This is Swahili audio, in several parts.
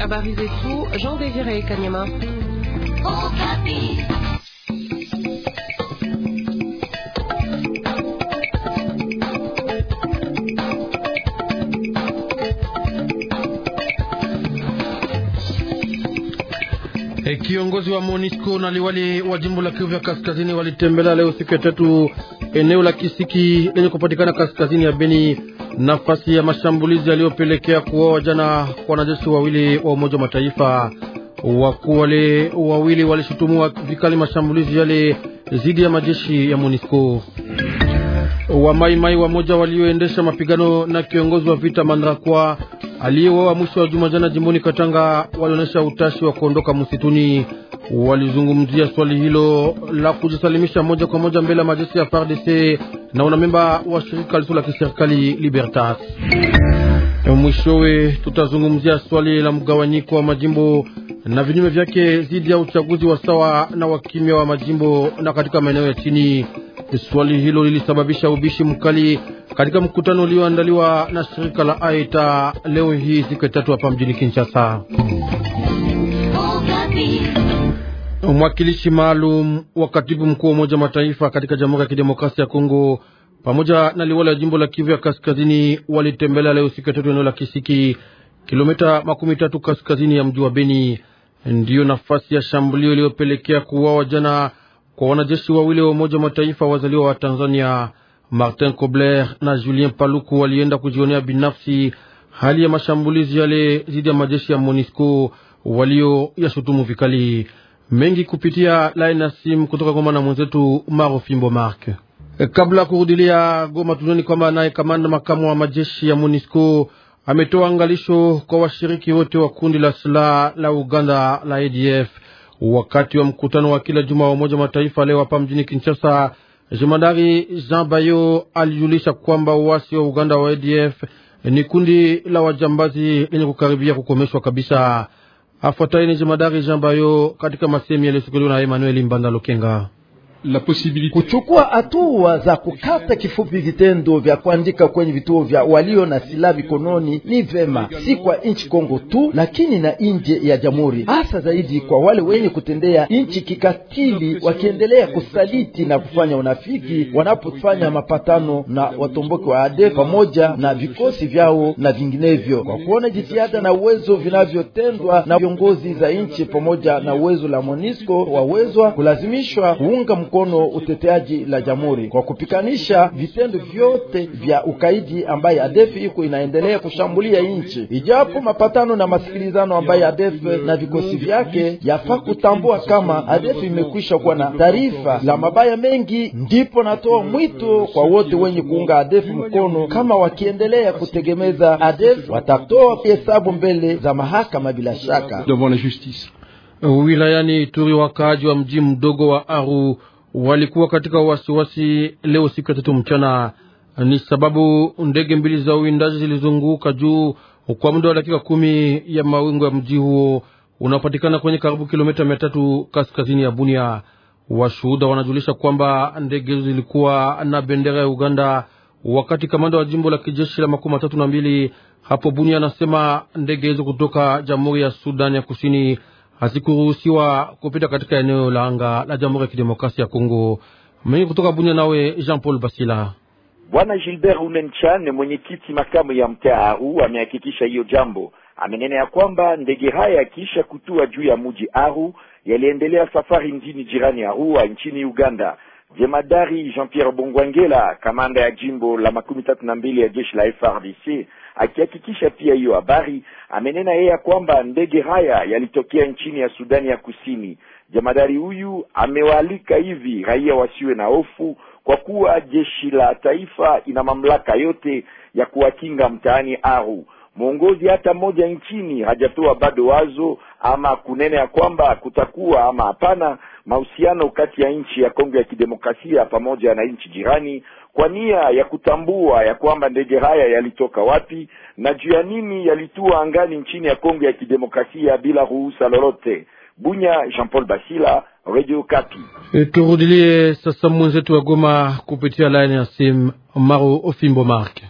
Habari zetu Jean Désiré Kanyama. Okapi. Kiongozi wa monisco na liwali wa jimbo la Kivu ya kaskazini walitembelea leo siku ya tatu eneo la Kisiki lenye kupatikana kaskazini ya Beni, nafasi ya mashambulizi yaliyopelekea kuuawa jana wanajeshi wawili wa Umoja wa Mataifa. Wakuu wale wawili walishutumiwa vikali mashambulizi yale dhidi ya majeshi ya monisco Wamaimai wamoja walioendesha mapigano na kiongozi wa vita Mandrakwa aliyewawa mwisho wa juma jana jimboni Katanga walionyesha utashi wa kuondoka msituni. Walizungumzia swali hilo la kujisalimisha moja kwa moja mbele ya majeshi ya FARDC na wanamemba wa shirika lisilo la kiserikali Libertas. Mwishowe tutazungumzia swali la mgawanyiko wa majimbo na vinyume vyake dhidi ya uchaguzi wa sawa na wakimya wa majimbo na katika maeneo ya chini Swali hilo lilisababisha ubishi mkali katika mkutano ulioandaliwa na shirika la Aita leo hii siku ya tatu hapa mjini Kinshasa. Mwakilishi maalum wa katibu mkuu wa Umoja Mataifa katika Jamhuri ya Kidemokrasia ya Kongo pamoja na liwali ya jimbo la Kivu ya Kaskazini walitembelea leo siku ya tatu eneo la Kisiki, kilomita makumi tatu kaskazini ya mji wa Beni. Ndiyo nafasi ya shambulio iliyopelekea kuuawa jana kwa wanajeshi wawili wa Umoja wa Mataifa wazaliwa wa Tanzania, Martin Kobler na Julien Paluku, walienda kujionea binafsi hali ya mashambulizi yale dhidi ya majeshi ya MONUSCO walio yashutumu vikali mengi kupitia laina simu kutoka Goma na mwenzetu Maro Fimbo Mark. Kabla kurudilia Goma, tunoni kwamba naye kamanda makamu wa majeshi ya MONUSCO ametoa angalisho kwa washiriki wote wa kundi la silaha la Uganda la ADF wakati wa mkutano wa kila juma wa Umoja Mataifa leo hapa mjini Kinshasa. Jemadari Jean Bayo alijulisha kwamba uasi wa Uganda wa ADF ni kundi la wajambazi lenye kukaribia kukomeshwa kabisa. Afuatayo ni Jemadari Jean Bayo katika masemi yaliyosukuliwa na Emmanuel Mbanda Lokenga la possibilité kuchukua hatua za kukata kifupi vitendo vya kuandika kwenye vituo vya walio na silaha mikononi ni vema, si kwa nchi Kongo tu, lakini na nje ya jamhuri, hasa zaidi kwa wale wenye kutendea nchi kikatili, wakiendelea kusaliti na kufanya unafiki wanapofanya mapatano na watomboki wa ade pamoja na vikosi vyao na vinginevyo, kwa kuona jitihada na uwezo vinavyotendwa na viongozi za nchi pamoja na uwezo la MONUSCO wawezwa kulazimishwa kuunga mkono uteteaji la jamhuri kwa kupikanisha vitendo vyote vya ukaidi ambaye ADF iko inaendelea kushambulia nchi, ijapo mapatano na masikilizano ambaye ADF na vikosi vyake yafaa kutambua kama ADF imekwisha kuwa na taarifa la mabaya mengi. Ndipo natoa mwito kwa wote wenye kuunga ADF mkono, kama wakiendelea kutegemeza ADF watatoa hesabu mbele za mahakama bila shaka. Wilayani Ituri, wakaaji wa mji mdogo wa Aru walikuwa katika wasiwasi leo siku ya tatu mchana. Ni sababu ndege mbili za uwindaji zilizunguka juu kwa muda wa dakika kumi ya mawingo ya mji huo unaopatikana kwenye karibu kilomita mia tatu kaskazini ya Bunia. Washuhuda wanajulisha kwamba ndege hizo zilikuwa na bendera ya Uganda, wakati kamanda wa jimbo la kijeshi la makumi matatu na mbili hapo Bunia anasema ndege hizo kutoka Jamhuri ya Sudani ya Kusini hazikuruhusiwa kupita katika eneo la anga la Jamhuri ya Kidemokrasia ya Kongo. Mengi kutoka Bunya, nawe Jean Paul Basila. Bwana Gilbert Ulenchan, mwenyekiti makamu ya mtaa Aru, amehakikisha hiyo jambo. Amenena ya kwamba ndege haya yakiisha kutua juu ya muji Aru yaliendelea safari mjini jirani Rua nchini Uganda. Jemadari Jean Pierre Bongwangela, kamanda ya jimbo la makumi tatu na mbili ya jeshi la FRDC akihakikisha pia hiyo habari. Amenena yeye ya kwamba ndege haya yalitokea nchini ya Sudani ya Kusini. Jamadari huyu amewaalika hivi raia wasiwe na hofu, kwa kuwa jeshi la taifa ina mamlaka yote ya kuwakinga mtaani au mwongozi hata mmoja nchini hajatoa bado wazo ama kunene ya kwamba kutakuwa ama hapana mahusiano kati ya nchi ya Kongo ya Kidemokrasia pamoja na nchi jirani kwa nia ya kutambua ya kwamba ndege haya yalitoka wapi na juu ya nini yalitua angani nchini ya Kongo ya Kidemokrasia bila ruhusa lolote. Bunya, Jean Paul Basila, Radio Kapi. Turudilie sasa mwenzetu wa Goma kupitia line ya sim Maro Ofimbo Mark.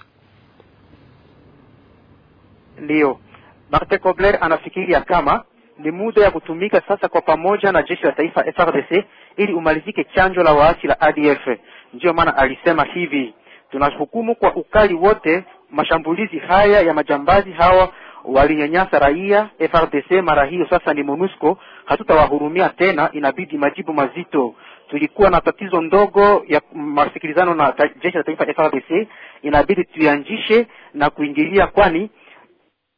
Ndiyo, marte Kobler anafikiria kama ni muda ya kutumika sasa kwa pamoja na jeshi la taifa FRDC ili umalizike chanjo la waasi la ADF. Ndiyo maana alisema hivi, tunahukumu kwa ukali wote mashambulizi haya ya majambazi hawa walinyanyasa raia. FRDC mara hiyo sasa ni MONUSCO, hatutawahurumia tena, inabidi majibu mazito. Tulikuwa na tatizo ndogo ya masikilizano na jeshi la taifa FRDC, inabidi tuianjishe na kuingilia, kwani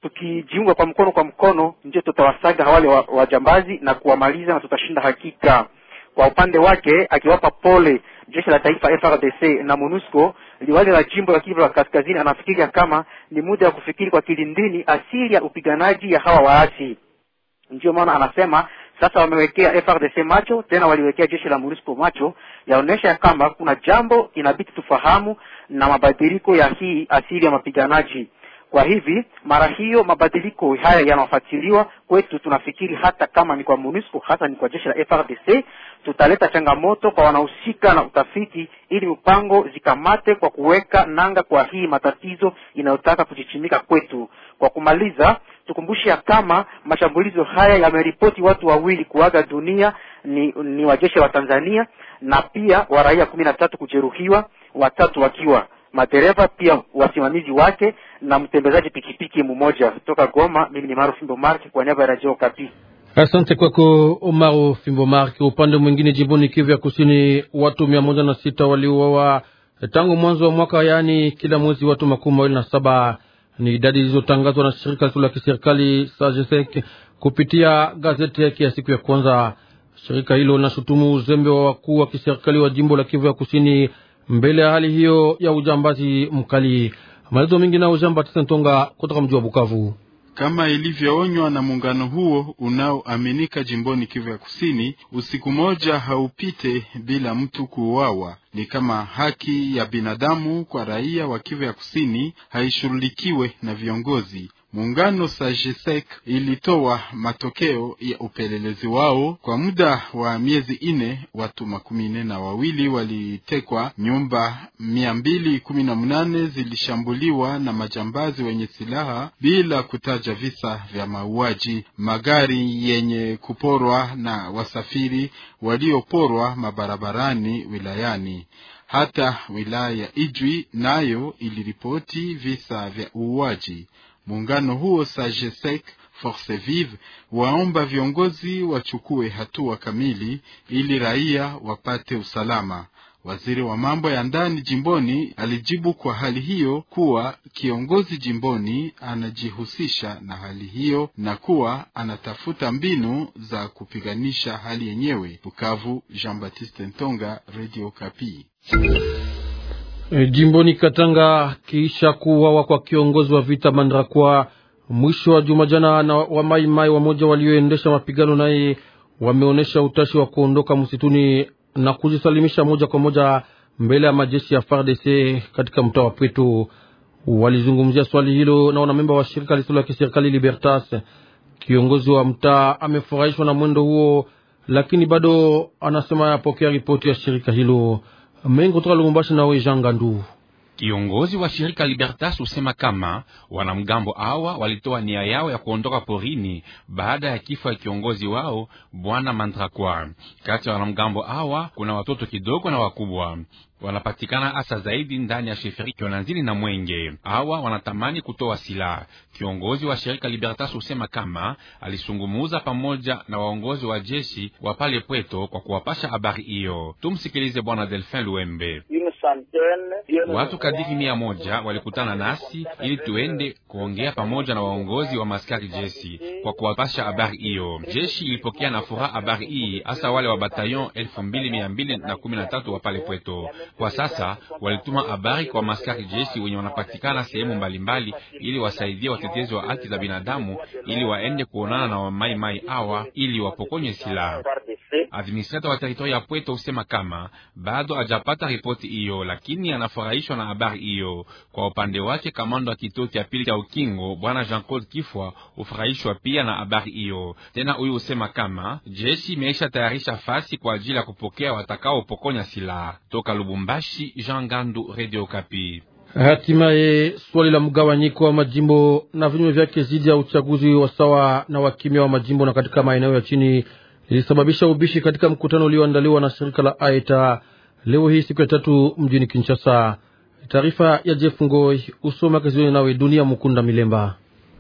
tukijiunga kwa mkono kwa mkono ndio tutawasaga wale wajambazi wa na kuwamaliza, na tutashinda hakika. Kwa upande wake akiwapa pole jeshi la taifa FRDC na MONUSCO, liwali la jimbo la Kivu la Kaskazini anafikiria kama ni muda wa kufikiri kwa kilindini asili ya upiganaji ya hawa waasi. Ndiyo maana anasema sasa wamewekea FRDC macho tena, waliwekea jeshi la MONUSCO macho, yaonesha ya kama kuna jambo inabidi tufahamu na mabadiliko ya hii asili ya mapiganaji kwa hivi mara hiyo mabadiliko haya yanafuatiliwa kwetu, tunafikiri hata kama ni kwa MONUSCO, hasa ni kwa jeshi la FRDC, tutaleta changamoto kwa wanahusika na utafiti, ili mpango zikamate kwa kuweka nanga kwa hii matatizo inayotaka kujichimika kwetu. Kwa kumaliza, tukumbushe ya kama mashambulizo haya yameripoti watu wawili kuaga dunia, ni, ni wajeshi wa Tanzania na pia wa raia kumi na tatu kujeruhiwa, watatu wakiwa madereva pia wasimamizi wake na mtembezaji pikipiki mmoja toka Goma. Mimi ni Maru Fimbo Mark kwa niaba ya Radio Okapi. Asante kwako Maru Fimbo Mark. Upande mwingine, jimboni Kivu ya Kusini, watu mia moja na sita waliuawa tangu mwanzo wa mwaka, yaani kila mwezi watu makumi mawili na saba ni idadi zilizotangazwa na shirika lisilo la kiserikali SAGESEC kupitia gazeti yake ya siku ya kwanza. Shirika hilo linashutumu uzembe wa wakuu wa kiserikali wa jimbo la Kivu ya Kusini mbele ya hali hiyo ya ujambazi mkali. Maelezo mengi na Jean Ntonga kutoka mji wa Bukavu. Kama ilivyoonywa na muungano huo unaoaminika jimboni Kivu ya Kusini, usiku moja haupite bila mtu kuuawa. Ni kama haki ya binadamu kwa raia wa Kivu ya Kusini haishughulikiwe na viongozi. Muungano Sajesek ilitoa matokeo ya upelelezi wao. Kwa muda wa miezi ine, watu makumi nne na wawili walitekwa, nyumba mia mbili kumi na mnane zilishambuliwa na majambazi wenye silaha, bila kutaja visa vya mauaji, magari yenye kuporwa na wasafiri walioporwa mabarabarani wilayani hata wilaya ya Ijwi nayo iliripoti visa vya uuaji. Muungano huo SAGESEC Force Vive waomba viongozi wachukue hatua kamili ili raia wapate usalama. Waziri wa mambo ya ndani jimboni alijibu kwa hali hiyo kuwa kiongozi jimboni anajihusisha na hali hiyo na kuwa anatafuta mbinu za kupiganisha hali yenyewe. Bukavu, Jean Baptiste Ntonga, Radio Kapi. E, jimboni Katanga kiisha kuwawa kwa kiongozi wa vita Mandrakwa mwisho wa juma jana, na wa mai maimai wamoja walioendesha mapigano naye wameonyesha utashi wa kuondoka msituni na kujisalimisha moja kwa moja mbele ya majeshi ya FARDC katika mtaa wa Pweto. Walizungumzia swali hilo na wanamemba wa shirika lisilo la kiserikali Libertas. Kiongozi wa mtaa amefurahishwa na mwendo huo, lakini bado anasema yapokea ripoti ya shirika hilo mengi kutoka Lubumbashi, nawe Jean Gandu. Kiongozi wa shirika Libertas husema kama wanamgambo hawa walitoa nia yao ya kuondoka porini baada ya kifo ya kiongozi wao bwana Mandrakwa. Kati ya wanamgambo hawa kuna watoto kidogo na wakubwa, wanapatikana hasa zaidi ndani ya sheferi kyonanzini na Mwenge. Hawa wanatamani kutoa silaha. Kiongozi wa shirika Libertas husema kama alisungumuza pamoja na waongozi wa jeshi wa pale Pweto kwa kuwapasha habari hiyo. Tumsikilize bwana Delfin Luembe. Watu kadiri mia moja walikutana nasi ili tuende kuongea pamoja na waongozi wa maskari jeshi kwa kuwapasha habari hiyo. Jeshi ilipokea na furaha habari hii, hasa wale wa batalion elfu mbili mia mbili na kumi na tatu wa pale Pweto. Kwa sasa walituma habari kwa maskari jeshi wenye wanapatikana sehemu mbalimbali, ili wasaidie watetezi wa haki za binadamu, ili waende kuonana na wamaimai hawa ili wapokonywe silaha. Administrator wa teritori ya Pweto husema kama bado hajapata ripoti hiyo, lakini anafurahishwa na habari hiyo. Kwa upande wake, kamando wa kituo cha pili cha ukingo bwana Jean Claude Kifwa hufurahishwa pia na habari hiyo. Tena huyu husema kama jeshi imeisha tayarisha fasi kwa ajili ya kupokea watakaopokonya silaha toka Lubumbashi. Jean Gandu, Radio Kapi. Hatimaye swali la mgawanyiko wa majimbo na vinyume vyake zidi ya uchaguzi wa sawa na wakimya wa majimbo na katika maeneo ya chini ilisababisha ubishi katika mkutano ulioandaliwa na shirika la Aita leo hii siku ya tatu mjini Kinshasa. Taarifa ya Jeff Ngoi usoma Kazioni nawe Dunia Mukunda Milemba.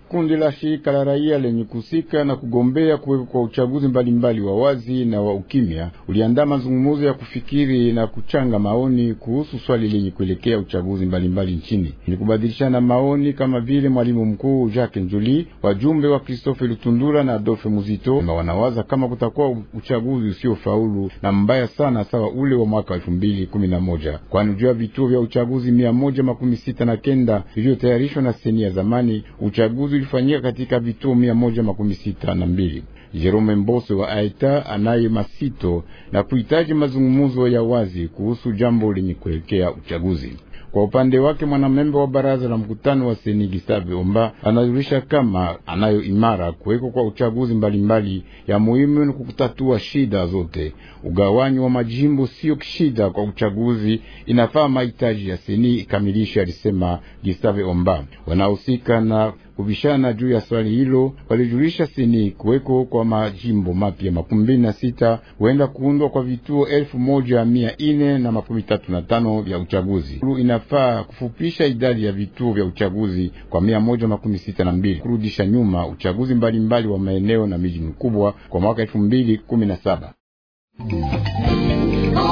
Kundi la shirika la raia lenye kuhusika na kugombea kuwepo kwa uchaguzi mbalimbali wa wazi na wa ukimya uliandaa mazungumzo ya kufikiri na kuchanga maoni kuhusu swali lenye kuelekea uchaguzi mbalimbali mbali nchini. Ni kubadilishana maoni kama vile mwalimu mkuu Jacques Njuli, wajumbe wa Christophe Lutundura na Adolphe Muzito na wanawaza kama kutakuwa uchaguzi usiofaulu na mbaya sana sawa ule wa mwaka elfu mbili kumi na moja kwani juu ya vituo vya uchaguzi mia moja makumi sita na kenda vilivyotayarishwa na seni ya zamani uchaguzi vilifanyika katika vituo mia moja makumi sita na mbili. Jerome Mboso wa Aita anaye masito na kuhitaji mazungumzo ya wazi kuhusu jambo lenye kuelekea uchaguzi. Kwa upande wake mwanamemba wa baraza la mkutano wa seni gisave Omba anajulisha kama anayo imara kuweko kwa uchaguzi mbalimbali mbali ya muhimu ni kukutatua shida zote. Ugawanyi wa majimbo sio shida kwa uchaguzi, inafaa mahitaji ya seni ikamilisha, alisema gisave Omba. Wanahusika na kubishana juu ya swali hilo. Walijulisha seni kuweko kwa majimbo mapya makumi mbili na sita huenda kuundwa kwa vituo elfu moja mia ine na makumi tatu na tano vya uchaguzi. Inafaa kufupisha idadi ya vituo vya uchaguzi kwa mia moja makumi sita na mbili kurudisha nyuma uchaguzi mbalimbali mbali wa maeneo na miji mikubwa kwa mwaka elfu mbili kumi na saba.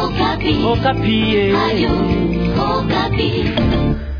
Okapi. Okapi. Eh.